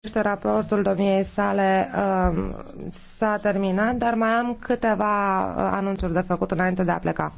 privește raportul domniei sale um, s-a terminat, dar mai am câteva uh, anunțuri de făcut înainte de a pleca.